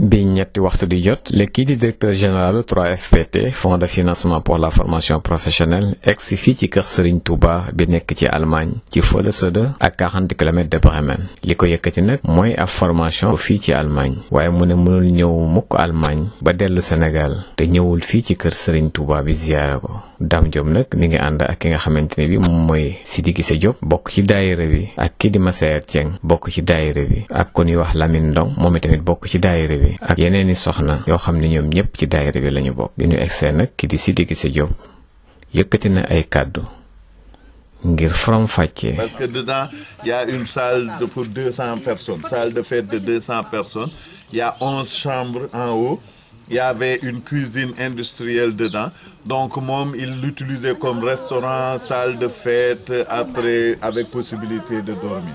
bi ñetti waxtu di jot le kii di directeur général 3FPT fonds de financement pour la formation professionnelle ex fi ci kër Serigne Touba bi nekk ci Allemagne ci fële sëda ak 40 km de Bremen liko ko nak moy mooy formation fi ci Allemagne waye mu ne mënul ñëw mukk Allemagne ba dellu Sénégal té ñëwul fi ci kër Serigne Touba bi ziyaara ko dam jom nak mi ngi and ak ki nga xamanteni bi moom mooy Sidi Gissé Diop bok ci daïra bi ak ki di Massaer Dieng bok ci daïra bi ak ku ñuy wax Lamine Ndong moom tamit bok ci daïra bi il parce que dedans y a une salle pour 200 personnes salle de fête de 200 personnes, il y a 11 chambres en haut il y avait une cuisine industrielle dedans donc moom il l'utilisait comme restaurant salle de fête après avec possibilité de dormir.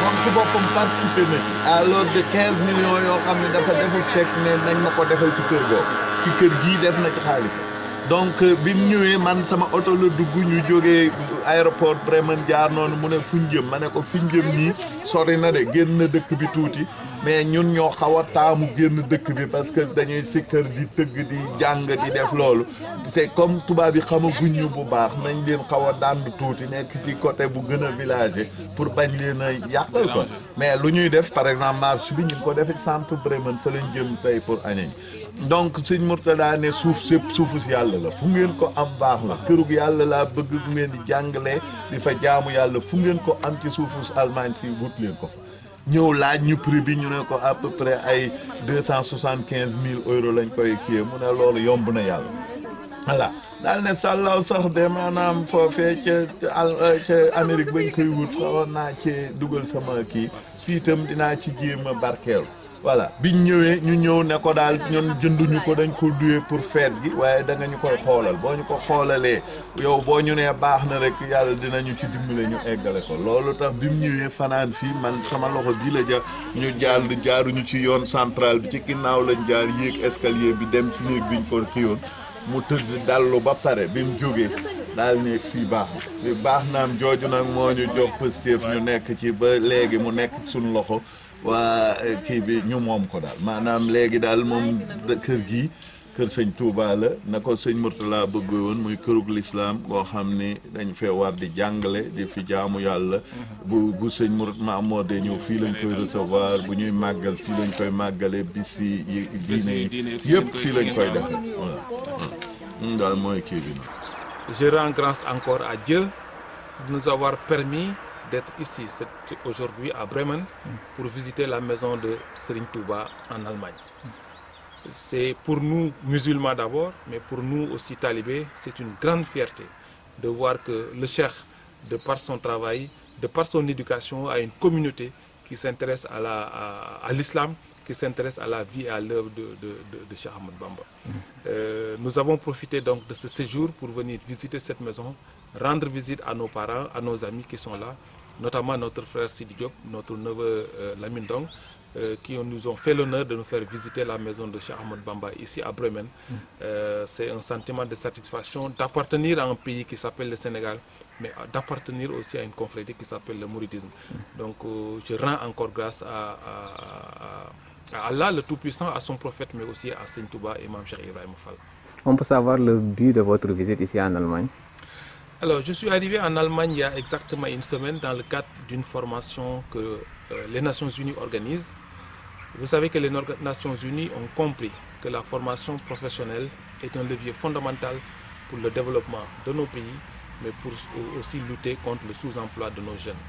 moom ci boppam participé na à l'ordre de quinze millions yoo xam ne dafa defu chèque ne nañ ma ko defal ci kër googu ci kër gii def na ci xaalis donc euh, bi mu ñëwee man sama oto la dugg ñu jógee aéroport Bremen jaar noonu mu ne fuñ jëm ma ne ko fiñ jëm nii sori na de génn dëkk bi tuuti mais ñun ñoo xaw a taamu génn dëkk bi parce que dañuy sikkër di tëgg di jàng di def loolu te comme tubaab yi xamaguñ ñu bu baax nañ leen xaw a dànd tuuti nekk ci côté bu gën a village pour bañ leen a yàqal ko mais lu ñuy def par exemple marche bi ñu ngi ko defee centre Bremen fa lañ jëm tey pour añañ donc sëñ Mourtada ne suuf sépp suufu si yàlla la fu ngeen ko am baax na kërug yàlla laa bëgg ngeen di jàngalee di fa jaamu yàlla fu ngeen ko am ci suufu Allemagne si wut leen ko fa ñëw laaj ñu prix bi ñu ne ko à peu près ay deux cent soixante quinze mille euros lañ koy kiyee mu ne loolu yomb na yàlla voilà daal ne sax de maanaam foofee ca al euh, ca Amérique bañ koy wut xawoon naa cee dugal sama kii fii dinaa ci jéem a barkeelu voilà biñ ñëwee ñu ñëw ne ko daal ñun jënduñu ko dañ ko duwee pour fête gi waaye da nga ñu koy xoolal boo ñu ko xoolalee yow boo ñu nee baax na rek yàlla dinañu ci dimbale ñu eggale ko loolu tax bi mu ñëwee fanaan fii man sama loxo bii la ja ñu jàll jaaruñu ci yoon central bi ci ginnaaw lañ jaar yéeg escalier bi dem ci néeg biñ ko yoon mu tëdd dallu ba pare bi mu jógee daal ne fii baax na fii baax naam jooju nag moo ñu jox positif ñu nekk ci ba léegi mu nekk suñu loxo waa eh, kii bi ñu moom ko daal maanaam léegi daal moom kër gi kër sëñ Touba la na ko sëñ Mourtala bëgg woon muy kërug lislaam boo xam ni dañ fee war di jàngale di fi jaamu yàlla bu bu sëñ Mour Mahmoud de ñëw fii lañ koy recevoir bu ñuy màggal fii lañ koy màggale bis yi diine yi yëpp fii lañ koy defe daal mooy kii bi nag encore à d'être ici aujourd'hui à Bremen pour visiter la maison de Sering Touba en Allemagne. C'est pour nous musulmans d'abord, mais pour nous aussi talibés, c'est une grande fierté de voir que le cheikh, de par son travail, de par son éducation, a une communauté qui s'intéresse à l'islam, qui s'intéresse à la vie et à l'œuvre de, de, de, Cheikh Ahmed Bamba. Euh, nous avons profité donc de ce séjour pour venir visiter cette maison, rendre visite à nos parents, à nos amis qui sont là, notamment notre frère Sidi Diop, notre neveu euh, Lamine Dong, euh, qui nous ont fait l'honneur de nous faire visiter la maison de Cheikh Bamba ici à Bremen. Mm. Euh, c'est un sentiment de satisfaction d'appartenir à un pays qui s'appelle le Sénégal, mais d'appartenir aussi à une confrérie qui s'appelle le mouridisme. Mm. Donc je rends encore grâce à, à, Allah le Tout-Puissant, à son prophète, mais aussi à Saint et Mme Cheikh Ibrahim On peut savoir le but de votre visite ici en Allemagne alors, je suis arrivé en Allemagne il y a exactement une semaine dans le cadre d'une formation que euh, les Nations Unies organisent. Vous savez que les Nations Unies ont compris que la formation professionnelle est un levier fondamental pour le développement de nos pays, mais pour aussi lutter contre le sous-emploi de nos jeunes.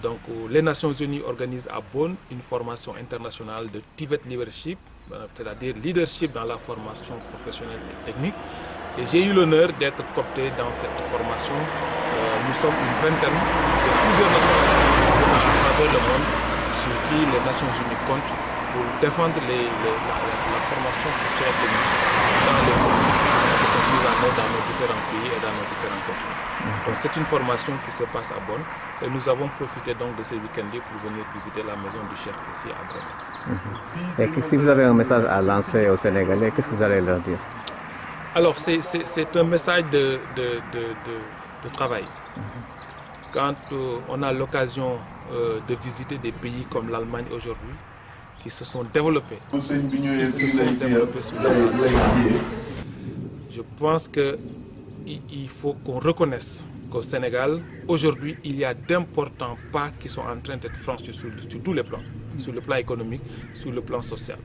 Donc, euh, les Nations Unies organisent à Bonn une formation internationale de Tibet Leadership, euh, c'est-à-dire leadership dans la formation professionnelle et technique. Et j'ai eu l'honneur d'être coopté dans cette formation. Euh, nous sommes une vingtaine de plusieurs nations à travers le monde sur qui les Nations Unies comptent pour défendre la, formation culturelle dans les mondes dans nos différents pays et dans nos différents continents. Donc c'est une formation qui se passe à Bonn et nous avons profité donc de ce week-end pour venir visiter la maison du chef ici à Bonn. Mhm. Et si vous avez un message à lancer aux Sénégalais, qu'est-ce que vous allez leur dire alors, c'est un message de, travail. Quand euh, on a l'occasion euh, de visiter des pays comme l'Allemagne aujourd'hui, qui se sont développés, je pense qu'il faut qu'on reconnaisse qu'au Sénégal, aujourd'hui, il y a d'importants pas qui sont en train d'être franchis sur tous les plans, sur le plan économique, sur le plan social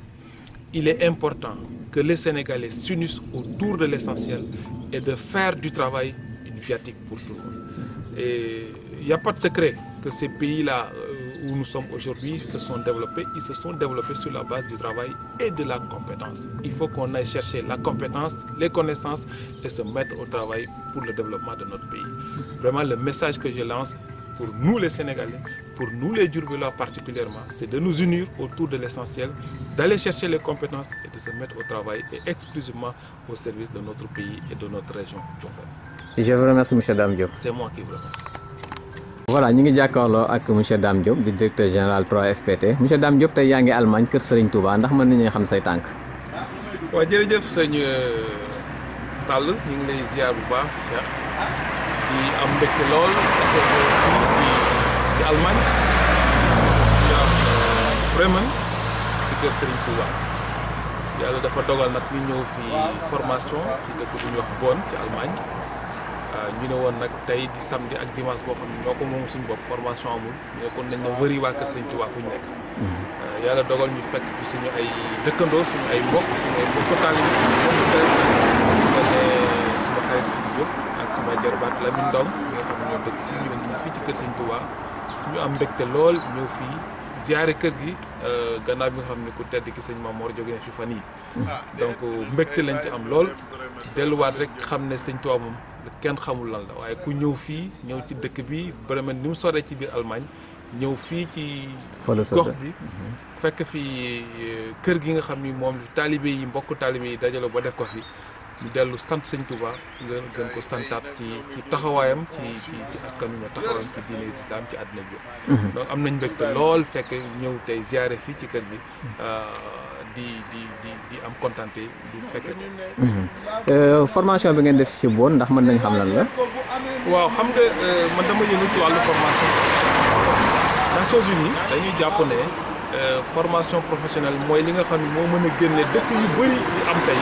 il est important que les Sénégalais s'unissent autour de l'essentiel et de faire du travail une viatique pour tout le monde. Et il n'y a pas de secret que ces pays-là euh, où nous sommes aujourd'hui se sont développés. Ils se sont développés sur la base du travail et de la compétence. Il faut qu'on aille chercher la compétence, les connaissances et se mettre au travail pour le développement de notre pays. Vraiment, le message que je lance pour nous les Sénégalais, pour nous les Durbula particulièrement, c'est de nous unir autour de l'essentiel, d'aller chercher les compétences et de se mettre au travail et exclusivement au service de notre pays et de notre région. Je vous remercie, M. Damdiop. C'est moi qui vous remercie. voilà nous sommes d'accord avec M. Dame Diop directeur général 3FPT M. Damdiop, Diop êtes en Allemagne kër Serigne Touba ndax Oui, xam say euh, Sall ngi lay di Allemagne yaa Bremen ci kër Serigne Touba yàlla dafa dogal nag ñu ñëw fii formation ci dëkk bu wax Bonn ci Allemagne euh, ñu ne woon nag tey di samedi ak dimanche boo xam ne ñoo ko moom suñu bopp formation amul ñu ne kon nañ na wëri waa kër nekk euh, yàlla dogal ñu fekk fi suñu ay dëkkandoo suñu ay mbokk suñu ay suma xarit si Diop ak suma jarbaat Lamine Ndong nga xam ne ñoo dëkk fii ñoo ngi fii ci kër Serigne Touba ñu am mbégte lool ñëw fii ziare kër gi euh, gannaar bi nga xam ne ku tedd ki sëñ Mamor jóge na fi fan yi donc mbégte lañ ci am lool delluwaat rek xam ne sëñ Tuubaa moom kenn xamul lan la waaye ku ñëw fii ñëw ci dëkk bi vraiment ni mu soree ci biir Allemagne ñëw fii ci gox bi mhm. fekk fi euh, kër gi nga xam ni moom taalibe yi mbokk taalibe yi dajale ba def ko fi ñu dellu sant sëñ Touba gën gën ko santaat ci ci taxawaayam ci ci ci askan wi taxawaayam ci diine islam ci àddina bi donc am nañ mbégte lool fekk ñëw tey ziare fii ci kër bi euh, di di di am kontante bu fekkee ko euh, bi ngeen def si boon ndax mën nañ xam nañ la waaw xam nga euh, man dama yëngu ci wàllu formation Nations Unies dañuy jàpp ne formation professionnelle mooy li nga xam ne moo mën a génne dëkk yu bëri yu am tey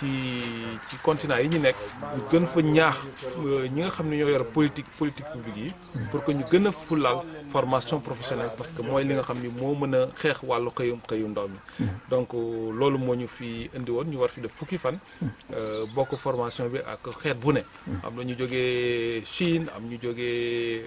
ci ci continent yi ñu nekk ñu gën fa ñaax euh, ñi nga xam ne ñoo yor politique politique publique yi. pour que ñu gën a fulaal formation professionnelle parce que mooy li nga xam ni moo mën a xeex wàllu xëyum xëyu ndaw mi. donc euh, loolu moo ñu fi indi woon ñu war fi def fukki fan. Euh, bokk formation bi ak xeet bu ne. Hmm. am na ñu jógee Chine am ñu jógee.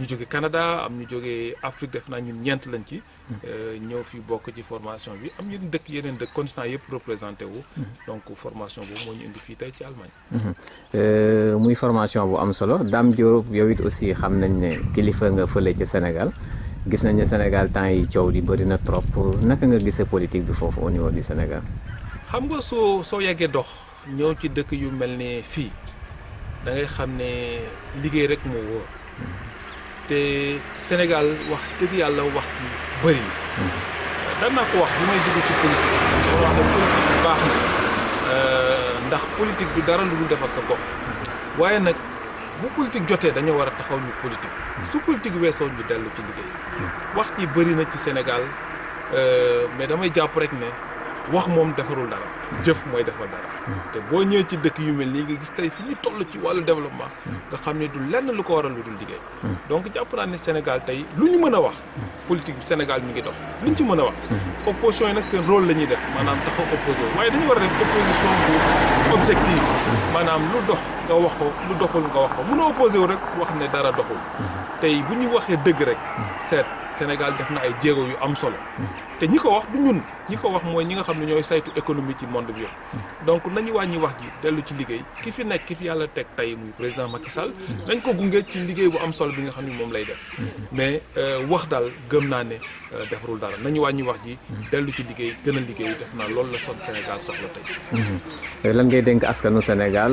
ñu jóge Canada am ñu jóge Afrique def na ñun ñent lañ ci. euh ñëw fi bokk ci formation bi am ñun dëkk yeneen de continent yépp représenté wu. donc formation bu mo ñu indi fi tay ci Allemagne. euh muy formation bu am solo Dame Diop yow it aussi xam nañ né kilifa nga fële ci Sénégal gis nañ ne Sénégal temps yi ciow di bari na trop pour naka nga gisee politique bi fofu au niveau du Sénégal. xam nga so so yeggee dox ñëw ci dëkk yu melni fi da ngay xam né liggéey rek mo woor te Sénégal wax dëgg yàlla wax ji bëri na dan naa ko wax bi may dugg ci politique soo wax ne politique baax na euh, ndax politique du dara lu defar sa gox waaye nag bu politique jotee dañoo war a taxaw ñu politique su politique weesoo ñu dellu ci liggéey wax ji bëri na ci Sénégal euh, mais damay jàpp rek ne wax moom defarul dara jëf mooy defar dara te boo ñëwee ci dëkk yu mel nii nga gis tey fi ñu toll ci wàllu développement nga xam ne du lenn lu ko waral lu dul liggéey donc jàpp naa ne Sénégal tey lu ñu mën a wax politique Sénégal mi ngi dox lu ñu ci mën a wax opposition yi nag seen rôle la ñuy def maanaam taxaw opposé waaye dañu war a def opposition bu objective maanaam lu dox nga wax ko lu doxul nga wax ko mën a opposé wu rek wax ne dara doxul tey bu ñu waxee dëgg rek seet Sénégal def na ay jéego yu am solo te ñi ko wax ñi ko wax mooy ñi nga xam ne ñooy saytu économie ci monde bi yëpp donc nañu wàññi wax ji dellu ci liggéey ki fi nekk ki fi yàlla teg tey muy président Macky sal nañ ko gunge ci liggéey bu am solo bi nga xam ne moom lay def mais euh, wax daal gëm naa ne euh, defarul dara nañu wàññi wax ji dellu ci liggéey gën liggéey def naa loolu la sot Sénégal soxla tey mhm. euh, lan ngay dénk askanu Sénégal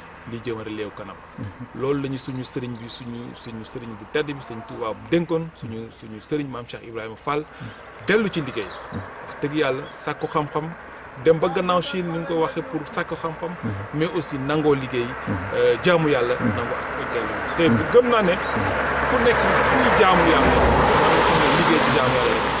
di jëmale réew kanam. loolu lañu suñu sëriñ bi suñu suñu sëriñ bu tedd bi sëñ Tuubaa dénkoon suñu suñu sëriñ maam Cheikh Ibrahima Fall. dellu ci liggéey. wax dëgg yàlla sàkku xam-xam. dem ba gannaaw Chine ni nga ko waxee pour sàkk xam-xam. mais aussi nangoo liggéey. Euh, jaamu yàlla. nangoo ak dellu te gëm naa ne ku nekk ku jaamu yàlla. liggéey ci jaamu yàlla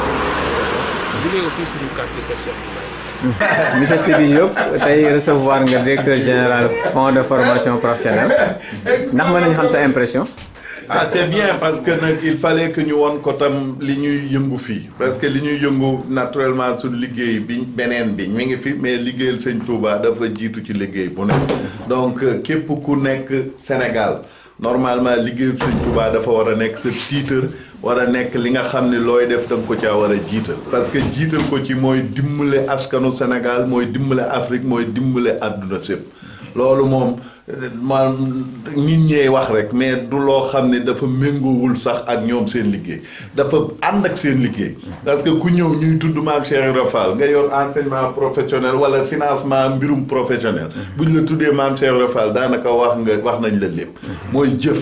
jugee aussi carte quartier question bi monsieur Sidy Diop tey recevoir nga directeur général fonds de formation professionnelle ndax mën nañu xam sa impression. ah c'est bien parce que il fallait que ñu won ko tam li ñuy yëngu fii parce que li ñuy yëngu naturellement suñ liggéey bi beneen bi mi fi mais liggéeyal sëñ Touba dafa jiitu ci liggéey bu ne donc euh, képp ku nekk Sénégal normalement liggéeyal sëñ Touba dafa war a nekk sa titre. war a nekk li nga xam ne looy def da ko caa war a jiital. parce que jiital ko ci mooy dimbale askanu Sénégal mooy dimbale Afrique mooy dimbale àdduna sépp loolu moom. maanaam nit ñee wax rek mais du loo xam ne dafa méngoowul sax ak ñoom seen liggéey dafa ànd ak seen liggéey parce que ku ñëw ñuy tudd maam Cheikh Ibra Fall nga yor enseignement professionnel wala financement mbirum professionnel ñu la tuddee maam Cheikh Ibra daanaka wax nga wax nañ la lépp mooy jëf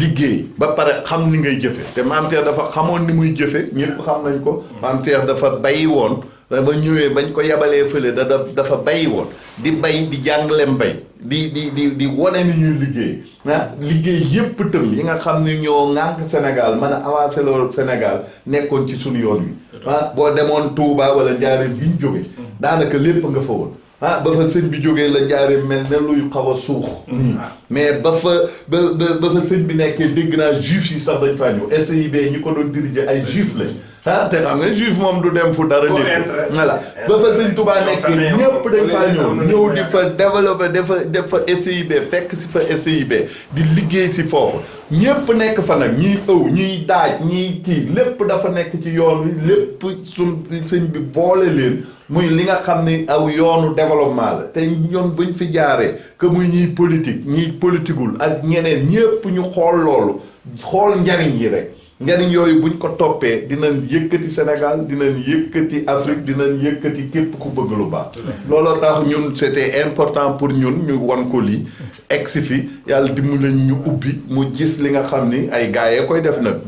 liggéey ba pare xam ni ngay jëfe te maam Cheikh dafa xamoon ni muy jëfe ñëpp xam nañ ko maam Cheikh dafa bay woon ba ñëwee bañ ko yebalee fële da dafa bay woon di bay di jàngale mbay di di di di wane ni ñuy liggéey ah liggéey yépp tëm yi nga xam ne ñoo ŋànk Sénégal mën a avancé loolu Sénégal nekkoon ci suñu yoon wi ah boo demoon Touba wala Njaaréem bi ñu jóge mm. daanaka lépp nga fa woon ba fa sëñ bi jógee la Njaaréem mel ne luy xaw a suux mm. hmm. ah. mais ba fa ba ba fa sëñ bi nekkee dégg naa juif yi sax dañ faa ñëw SIB ñi ko doon diriger ay juif lañ ah te xam nga juif moom du dem fu dara. léegi voilà ba fa sëñ Tuubaa nekk ñëpp dañ faa ñëw ñëw di fa développé dafa def fa SIB fekk si fa SIB di liggéey si foofu ñëpp nekk fa nag ñiy ëw ñiy daaj ñiy kii lépp dafa nekk ci yoon wi lépp suñ sëñ bi boole leen muy li nga xam ni aw yoonu développement la te ñoom buñ fi jaaree que muy ñiy politique ñiy politikul ak ñeneen ñëpp ñu xool loolu xool njariñ yi rek. njariñ yooyu buñ ko toppee dinañ yëkkati Sénégal dinañ yëkkati Afrique dinañ yëkkati képp ku bëgg lu baax. looloo tax ñun c'était important pour ñun ñu wan ko lii. egg fi yàlla di mu dimbali ñu ubbi mu gis li nga xam ni ay gars yee koy def nag.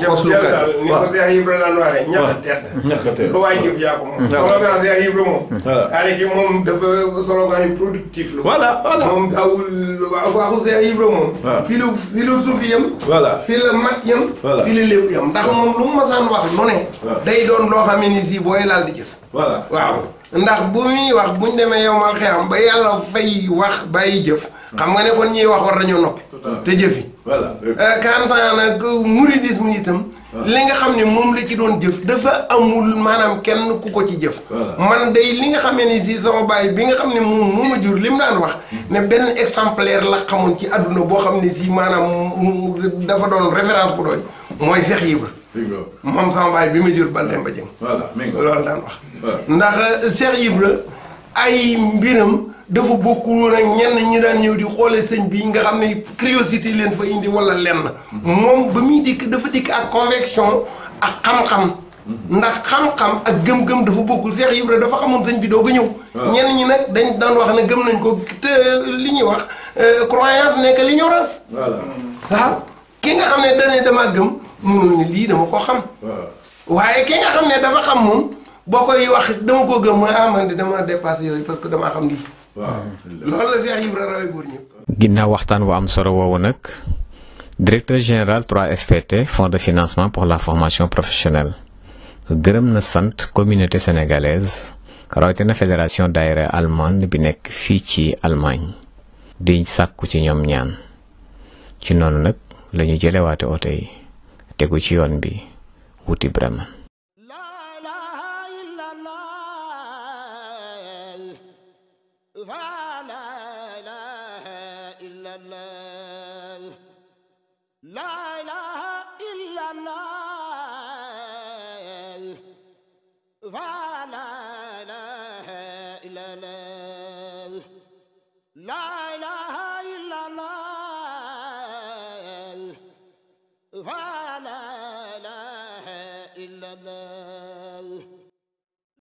xoslu kat waaw ni ko Seex Ibra daan waxee ñàkk teet ñàkk teet lu waay jëf yaa ko moom slogan Seex Ibra moom aare ki moom dafa slogan productif la voilà voilà moom awul waxu Seex moom fii yam voilà yam fii yam ndax moom lu mu masaan wax lu day doon loo xam ni si booy laal di gis voilà waaw ndax bu muy wax buñ demee yowmal xiyam ba yàlla fay wax bàyyi jëf xam nga ne ko ñiy wax war nañoo noppi te voilà 40 ans mu mouridisme itam. Ah. li nga xam ne moom la ci doon jëf dafa amul maanaam kenn ku ko ci jëf. man day li nga xamee ni si sama baay bi nga xam ne moom moo ma jur li mu daan wax. Hmm. ne benn exemplaire la xamoon ci àdduna boo xam ne si maanaam dafa doon référence bu doy mooy Cheikh Ibra. moom sama baay bi mu jur Baldemba Dieng. voilà loolu daan wax. ndax euh, Cheikh Ibra. ay mbiram dafa bokkul ak ñenn ñu daan ñëw di xoolee sëñ bi nga xam ne curiosité leen fa indi wala lenn. moom ba muy dikk dafa dikk ak conviction ak xam-xam. ndax xam-xam ak gëm-gëm dafa bokkul Cheikh Ibra dafa xamoon sëñ bi doog ko ñëw. Ah. ñenn ñi nag dañ daan wax ne gëm nañ ko te euh, li ñuy wax euh, croyance nekk l'ignorance. waaw ah. ki nga xam ne dañ ne dama gëm lii dama ko xam. Ah. ki nga xam ne dafa xam moom. bokoy wax dama ko gëm mooy ah dama dépassé yoy parce que dama xam ni waaw loolu la Cheikh Ibra rawee góor ñëpp. ginnaaw waxtaan bu am solo wowo nak directeur général 3FPT fonds de financement pour la formation professionnelle gërëm na sante communauté sénégalaise na fédération daayira allemande bi nek fi ci Allemagne di sàkku ci ñom ñaan ci noonu nak lañu ñu jëlewaate oto yi téggu ci yoon bi wuti Bremen فلا إله إلا الله لا إله